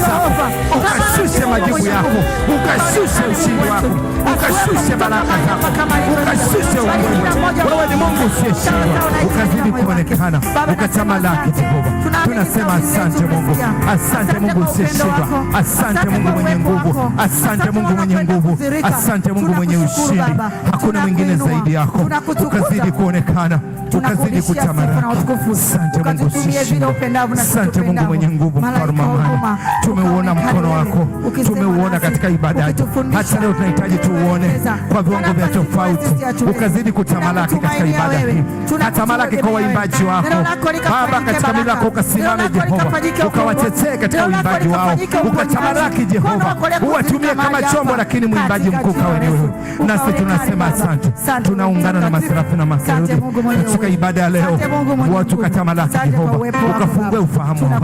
zako, ukashushe majibu yako, ukashushe ushindi wako, ukashushe baraka zako, ukashushe Wewe ni Mungu usiyeshindwa, ukazidi kuonekana, ukatamalaki. Jehova, tunasema asante Mungu, asante Mungu usiyeshindwa, asante Mungu mwenye nguvu, asante Mungu mwenye nguvu, asante Mungu mwenye ushindi. Hakuna mwingine zaidi yako, ukazidi kuonekana tukazidi kuchamarika. Ukatutumie vile upendavyo na asante Mungu mwenye nguvu, mfalme wa amani, tumeuona mkono wako, tumeuona katika ibada yetu, hata leo tunahitaji tuuone kwa viwango vya tofauti, ukazidi kutamalaki katika ibada hii, hatamalaki kwa waimbaji wako Baba, katika mila yako ukasimame Jehova, ukawatetee katika uimbaji wao, ukatamalaki Jehova, uwatumie kama chombo, lakini mwimbaji mkuu kawe ni wewe. Nasi tunasema asante, tunaungana na maserafi na maseruji katika ibada ya leo, watu katamalaki Jehova, ukafungue ufahamu wa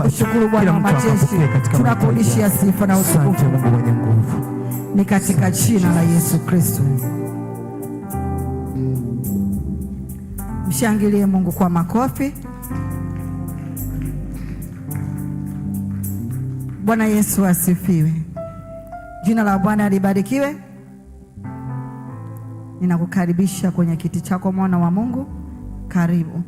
kila mtu akapokee katika tunakurudishia sifa na utukufu. Mungu mwenye nguvu, ni katika jina la Yesu Kristo. Mshangilie Mungu kwa makofi. Bwana Yesu asifiwe. Jina la Bwana alibarikiwe. Ninakukaribisha kwenye kiti chako mwana wa Mungu. Karibu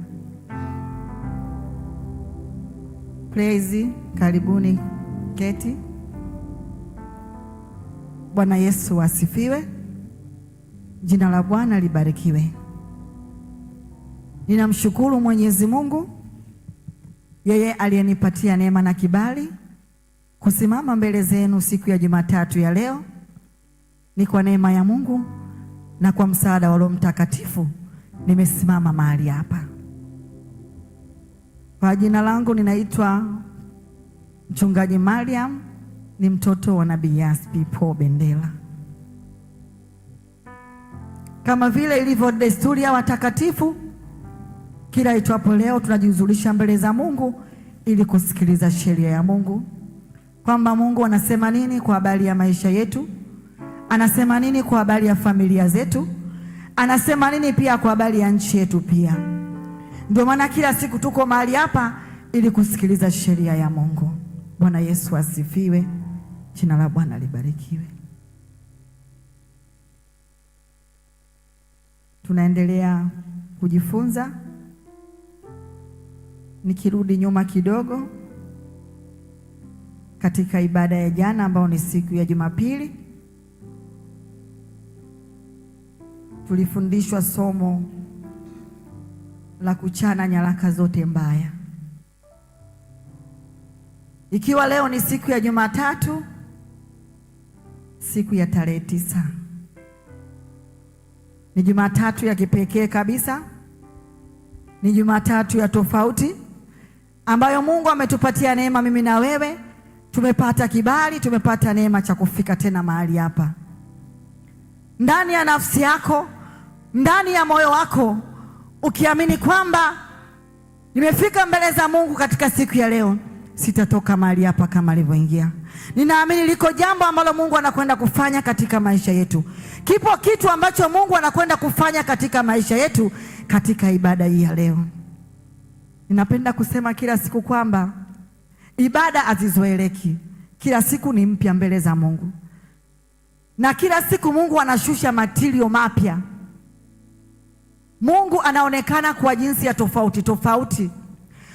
praise, karibuni keti. Bwana Yesu asifiwe, jina la Bwana libarikiwe. Ninamshukuru Mwenyezi Mungu yeye aliyenipatia neema na kibali kusimama mbele zenu siku ya Jumatatu ya leo. Ni kwa neema ya Mungu na kwa msaada wa Roho Mtakatifu nimesimama mahali hapa. Kwa jina langu ninaitwa Mchungaji Mariam, ni mtoto wa Nabii Yaspi Paul Bendera. Kama vile ilivyo desturi ya watakatifu, kila itwapo leo tunajizulisha mbele za Mungu ili kusikiliza sheria ya Mungu, kwamba Mungu anasema nini kwa habari ya maisha yetu, anasema nini kwa habari ya familia zetu anasema nini pia kwa habari ya nchi yetu pia. Ndio maana kila siku tuko mahali hapa ili kusikiliza sheria ya Mungu. Bwana Yesu asifiwe, jina la Bwana libarikiwe. Tunaendelea kujifunza. Nikirudi nyuma kidogo katika ibada ya jana ambayo ni siku ya Jumapili tulifundishwa somo la kuchana nyaraka zote mbaya. Ikiwa leo ni siku ya Jumatatu, siku ya tarehe tisa, ni Jumatatu ya kipekee kabisa, ni Jumatatu ya tofauti ambayo Mungu ametupatia neema, mimi na wewe tumepata kibali, tumepata neema cha kufika tena mahali hapa. Ndani ya nafsi yako ndani ya moyo wako ukiamini kwamba nimefika mbele za Mungu katika siku ya leo, sitatoka mahali hapa kama alivyoingia. Ninaamini liko jambo ambalo Mungu anakwenda kufanya katika maisha yetu. Kipo kitu ambacho Mungu anakwenda kufanya katika maisha yetu katika ibada hii ya leo. Ninapenda kusema kila siku kwamba ibada hazizoeleki. Kila siku ni mpya mbele za Mungu, na kila siku Mungu anashusha matirio mapya Mungu anaonekana kwa jinsi ya tofauti tofauti,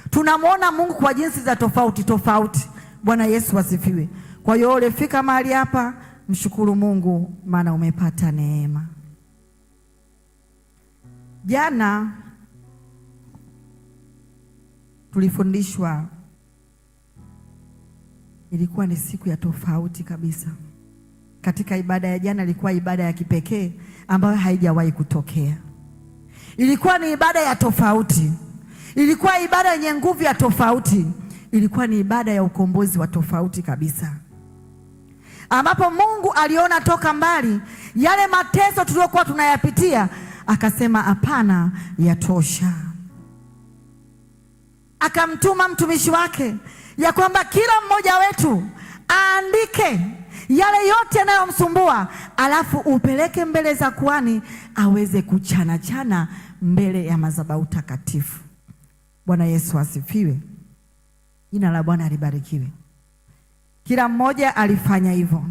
tunamwona Mungu kwa jinsi za tofauti tofauti. Bwana Yesu asifiwe. Kwa hiyo ulifika mahali hapa, mshukuru Mungu maana umepata neema. Jana tulifundishwa, ilikuwa ni siku ya tofauti kabisa. Katika ibada ya jana ilikuwa ibada ya kipekee ambayo haijawahi kutokea. Ilikuwa ni ibada ya tofauti, ilikuwa ibada yenye nguvu ya tofauti, ilikuwa ni ibada ya ukombozi wa tofauti kabisa, ambapo Mungu aliona toka mbali yale mateso tuliyokuwa tunayapitia, akasema hapana, yatosha. Akamtuma mtumishi wake ya kwamba kila mmoja wetu aandike yale yote yanayomsumbua, alafu upeleke mbele za kuhani aweze kuchana chana mbele ya madhabahu takatifu. Bwana Yesu asifiwe, jina la Bwana alibarikiwe Kila mmoja alifanya hivyo,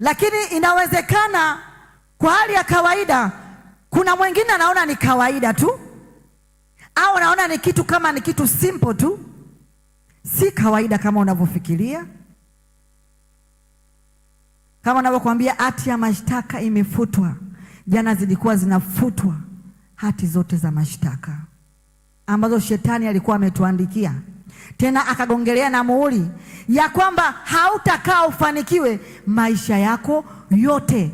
lakini inawezekana kwa hali ya kawaida, kuna mwingine anaona ni kawaida tu, au anaona ni kitu kama ni kitu simple tu. Si kawaida kama unavyofikiria, kama unavyokuambia hati ya mashtaka imefutwa. Jana zilikuwa zinafutwa hati zote za mashtaka ambazo shetani alikuwa ametuandikia, tena akagongelea na muhuri ya kwamba hautakaa ufanikiwe maisha yako yote.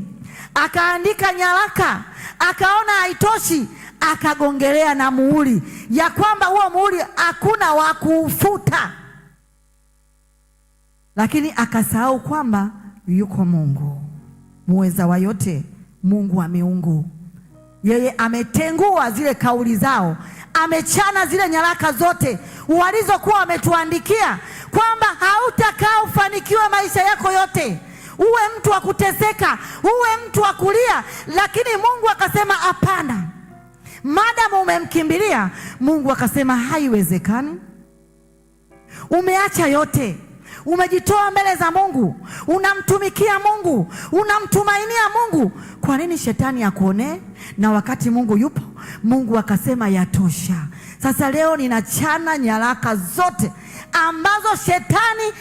Akaandika nyaraka, akaona haitoshi, akagongelea na muhuri ya kwamba huo muhuri hakuna wa kuufuta, lakini akasahau kwamba yuko Mungu muweza wa yote, Mungu wa miungu yeye ametengua zile kauli zao, amechana zile nyaraka zote walizokuwa wametuandikia kwamba hautakaa ufanikiwe maisha yako yote, uwe mtu wa kuteseka, uwe mtu wa kulia. Lakini Mungu akasema hapana, madamu umemkimbilia Mungu. Akasema haiwezekani, umeacha yote umejitoa mbele za Mungu, unamtumikia Mungu, unamtumainia Mungu, kwa nini shetani akuonee? Na wakati Mungu yupo, Mungu akasema yatosha. Sasa leo ninachana nyaraka zote ambazo shetani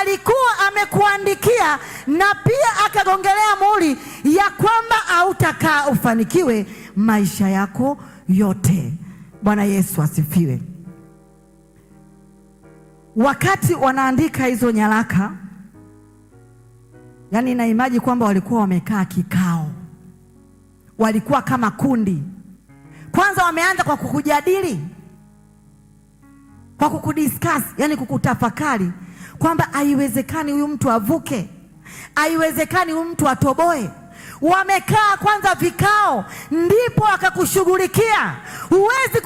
alikuwa amekuandikia na pia akagongelea muli ya kwamba hautakaa ufanikiwe maisha yako yote. Bwana Yesu asifiwe. Wakati wanaandika hizo nyaraka, yani naimaji kwamba walikuwa wamekaa kikao, walikuwa kama kundi. Kwanza wameanza kwa kukujadili, kwa kukudiscuss, yani kukutafakari kwamba haiwezekani huyu mtu avuke, haiwezekani huyu mtu atoboe. Wamekaa kwanza vikao, ndipo akakushughulikia. Huwezi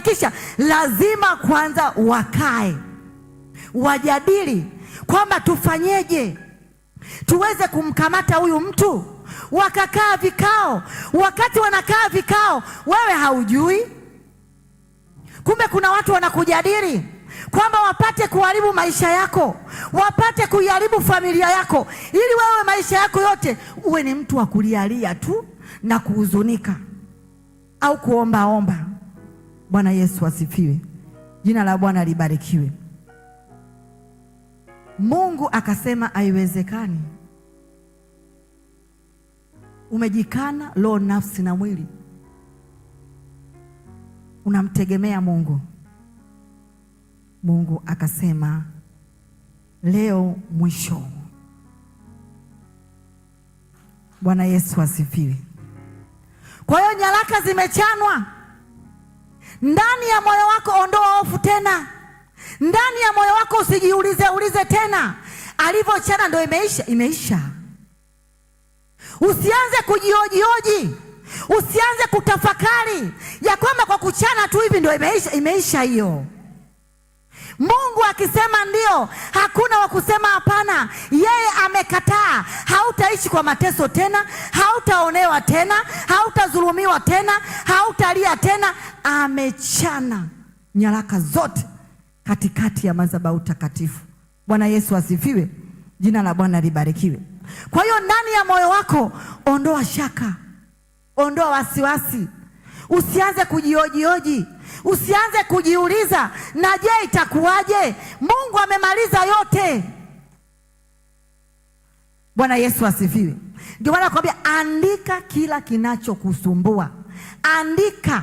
kufanikisha, lazima kwanza wakae wajadili kwamba tufanyeje tuweze kumkamata huyu mtu. Wakakaa vikao. Wakati wanakaa vikao, wewe haujui, kumbe kuna watu wanakujadili kwamba wapate kuharibu maisha yako, wapate kuiharibu familia yako, ili wewe maisha yako yote uwe ni mtu wa kulialia tu na kuhuzunika au kuombaomba. Bwana Yesu asifiwe, jina la Bwana libarikiwe. Mungu akasema haiwezekani. Umejikana roho, nafsi na mwili, unamtegemea Mungu. Mungu akasema leo mwisho. Bwana Yesu asifiwe. Kwa hiyo nyaraka zimechanwa ndani ya moyo wako ondoa hofu tena, ndani ya moyo wako usijiulize ulize tena, alivyochana ndo imeisha, imeisha. Usianze kujiojioji, usianze kutafakari ya kwamba kwa kuchana tu hivi ndo imeisha, imeisha hiyo. Mungu akisema ndio, hakuna wa kusema hapana. Yeye amekataa. Hautaishi kwa mateso tena, hautaonewa tena, hautadhulumiwa tena, hautalia tena. Amechana nyaraka zote katikati ya madhabahu takatifu. Bwana Yesu asifiwe, jina la Bwana libarikiwe. Kwa hiyo ndani ya moyo wako ondoa shaka, ondoa wasiwasi Usianze kujiojioji, usianze kujiuliza na je, itakuwaje? Mungu amemaliza yote. Bwana Yesu asifiwe. Ndio maana nakwambia, andika kila kinachokusumbua, andika.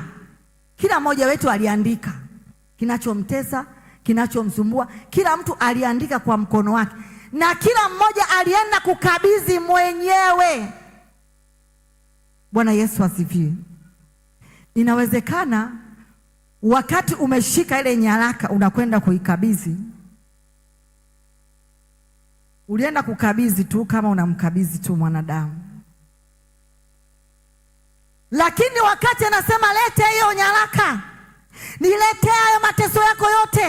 Kila mmoja wetu aliandika kinachomtesa, kinachomsumbua, kila mtu aliandika kwa mkono wake, na kila mmoja alienda kukabidhi mwenyewe. Bwana Yesu asifiwe. Inawezekana wakati umeshika ile nyaraka unakwenda kuikabidhi, ulienda kukabidhi tu kama unamkabidhi tu mwanadamu, lakini wakati anasema lete hiyo nyaraka, niletee hayo mateso yako yote,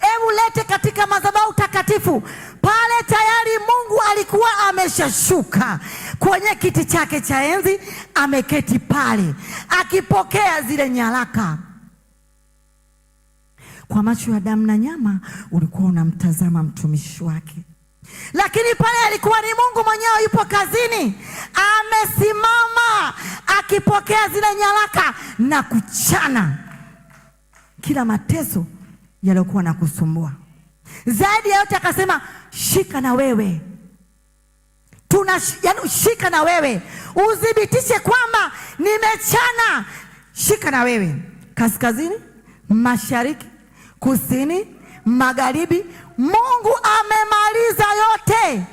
hebu lete katika madhabahu takatifu pale, tayari Mungu alikuwa ameshashuka kwenye kiti chake cha enzi ameketi pale akipokea zile nyaraka. Kwa macho ya damu na nyama ulikuwa unamtazama mtumishi wake, lakini pale alikuwa ni Mungu mwenyewe, yupo kazini, amesimama akipokea zile nyaraka na kuchana kila mateso yaliyokuwa na kusumbua. Zaidi ya yote akasema, shika na wewe tunashika na wewe, uthibitishe kwamba nimechana. Shika na wewe, kaskazini, mashariki, kusini, magharibi. Mungu amemaliza yote,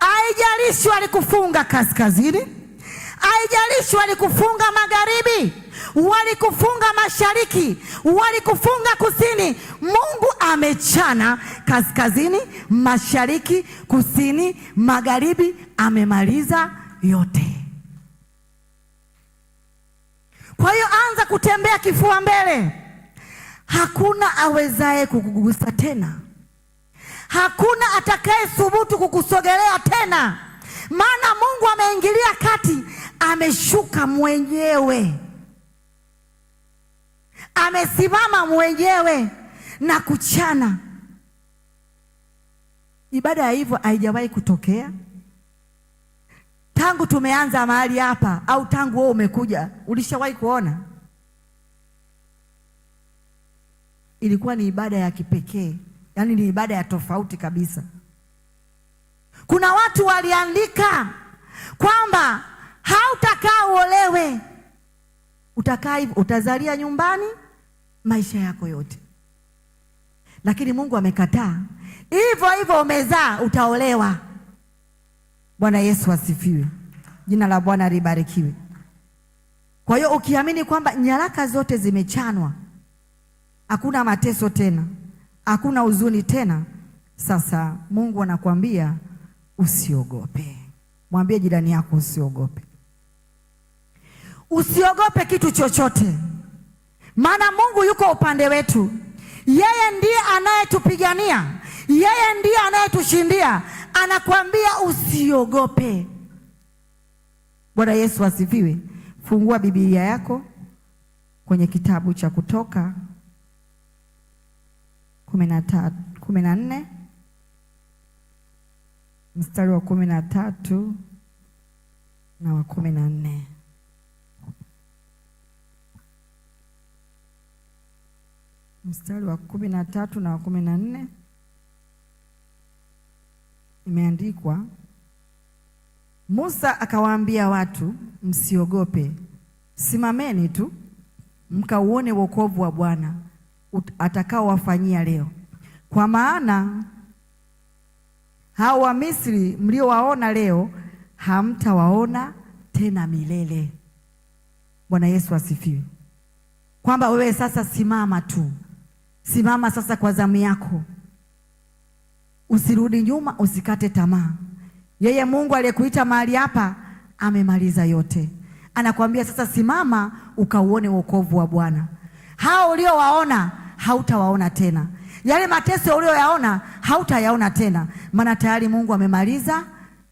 aijalishi alikufunga kaskazini Haijalishi walikufunga magharibi, walikufunga mashariki, walikufunga kusini, Mungu amechana kaskazini, mashariki, kusini, magharibi, amemaliza yote. Kwa hiyo anza kutembea kifua mbele. Hakuna awezaye kukugusa tena, hakuna atakaye thubutu kukusogelea tena, maana Mungu ameingilia kati ameshuka mwenyewe, amesimama mwenyewe na kuchana. Ibada ya hivyo haijawahi kutokea tangu tumeanza mahali hapa, au tangu wewe umekuja. Ulishawahi kuona? Ilikuwa ni ibada ya kipekee, yaani ni ibada ya tofauti kabisa. Kuna watu waliandika kwamba hautakaa uolewe, utakaa hivyo, utazalia nyumbani maisha yako yote. Lakini Mungu amekataa hivyo hivyo, umezaa utaolewa. Bwana Yesu asifiwe, jina la Bwana libarikiwe. Kwa hiyo ukiamini kwamba nyaraka zote zimechanwa, hakuna mateso tena, hakuna huzuni tena, sasa Mungu anakuambia usiogope. Mwambie jirani yako usiogope. Usiogope kitu chochote, maana Mungu yuko upande wetu. Yeye ndiye anayetupigania, yeye ndiye anayetushindia. Anakuambia usiogope. Bwana Yesu asifiwe. Fungua Biblia yako kwenye kitabu cha Kutoka kumi na nne mstari wa kumi na tatu na wa kumi na nne. mstari wa kumi na tatu na wa kumi na nne imeandikwa, Musa akawaambia watu, msiogope, simameni tu mkauone wokovu wa Bwana atakaowafanyia leo, kwa maana hao wa Misri mliowaona leo hamtawaona tena milele. Bwana Yesu asifiwe, kwamba wewe sasa simama tu. Simama sasa kwa zamu yako, usirudi nyuma, usikate tamaa. Yeye Mungu aliyekuita mahali hapa amemaliza yote, anakuambia sasa, simama ukauone wokovu wa Bwana. Hao uliowaona hautawaona tena, yale mateso ulioyaona hautayaona tena, maana tayari Mungu amemaliza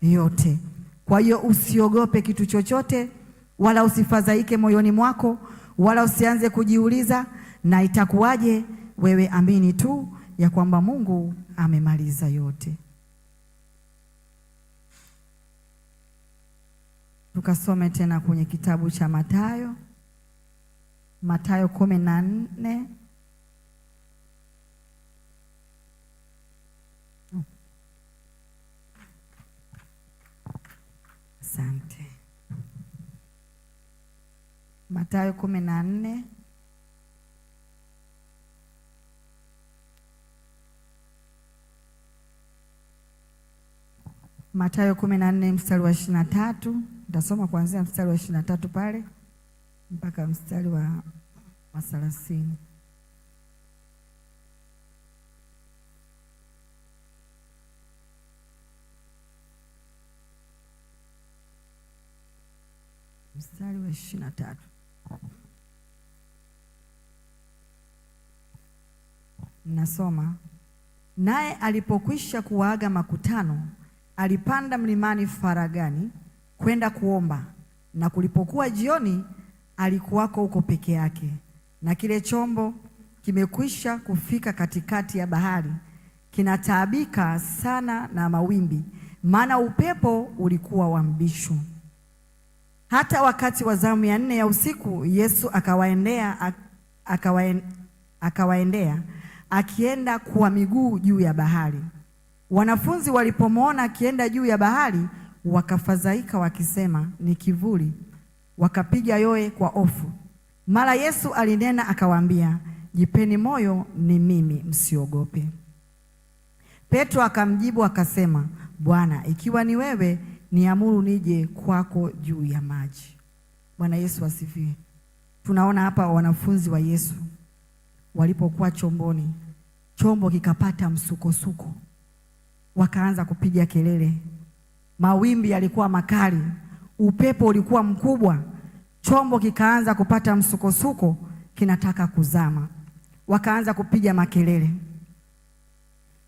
yote. Kwa hiyo usiogope kitu chochote, wala usifadhaike moyoni mwako, wala usianze kujiuliza na itakuwaje wewe amini tu ya kwamba Mungu amemaliza yote. Tukasome tena kwenye kitabu cha Mathayo, Mathayo kumi na nne Asante. Mathayo kumi na nne Mathayo kumi na nne mstari wa 23, na tatu nitasoma kuanzia mstari wa 23 na tatu pale mpaka mstari wa 30. Mstari wa ishirini na tatu. Nasoma, naye alipokwisha kuwaaga makutano alipanda mlimani faragani kwenda kuomba, na kulipokuwa jioni, alikuwako huko peke yake, na kile chombo kimekwisha kufika katikati ya bahari, kinataabika sana na mawimbi, maana upepo ulikuwa wa mbishu Hata wakati wa zamu ya nne ya usiku, Yesu akawaendea akawaendea akienda kwa miguu juu ya bahari. Wanafunzi walipomwona akienda juu ya bahari, wakafadhaika wakisema, ni kivuli, wakapiga yoye kwa hofu. Mara Yesu alinena akawaambia, jipeni moyo, ni mimi, msiogope. Petro akamjibu akasema, Bwana, ikiwa ni wewe, niamuru nije kwako juu ya maji. Bwana Yesu asifiwe. Tunaona hapa wanafunzi wa Yesu walipokuwa chomboni, chombo kikapata msukosuko wakaanza kupiga kelele. Mawimbi yalikuwa makali, upepo ulikuwa mkubwa, chombo kikaanza kupata msukosuko, kinataka kuzama. Wakaanza kupiga makelele.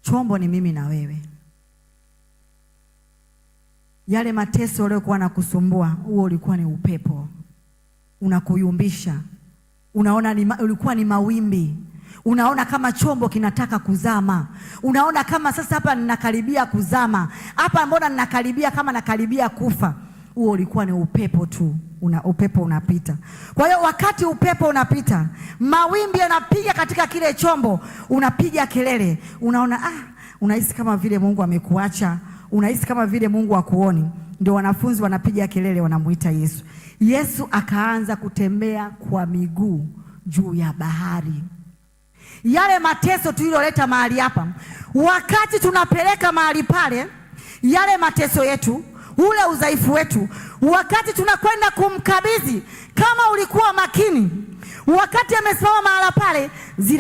Chombo ni mimi na wewe. Yale mateso yaliyokuwa na kusumbua, huo ulikuwa ni upepo unakuyumbisha, unaona ni, ulikuwa ni mawimbi unaona kama chombo kinataka kuzama, unaona kama sasa hapa ninakaribia kuzama, hapa mbona ninakaribia kama nakaribia kufa. Huo ulikuwa ni upepo tu, una upepo unapita. Kwa hiyo wakati upepo unapita, mawimbi yanapiga katika kile chombo, unapiga kelele, unaona ah, unahisi kama vile Mungu amekuacha, unahisi kama vile Mungu hakuoni. Ndio wanafunzi wanapiga kelele, wanamuita Yesu. Yesu akaanza kutembea kwa miguu juu ya bahari yale mateso tuliyoleta mahali hapa, wakati tunapeleka mahali pale yale mateso yetu, ule udhaifu wetu, wakati tunakwenda kumkabidhi, kama ulikuwa makini, wakati amesimama mahala pale zile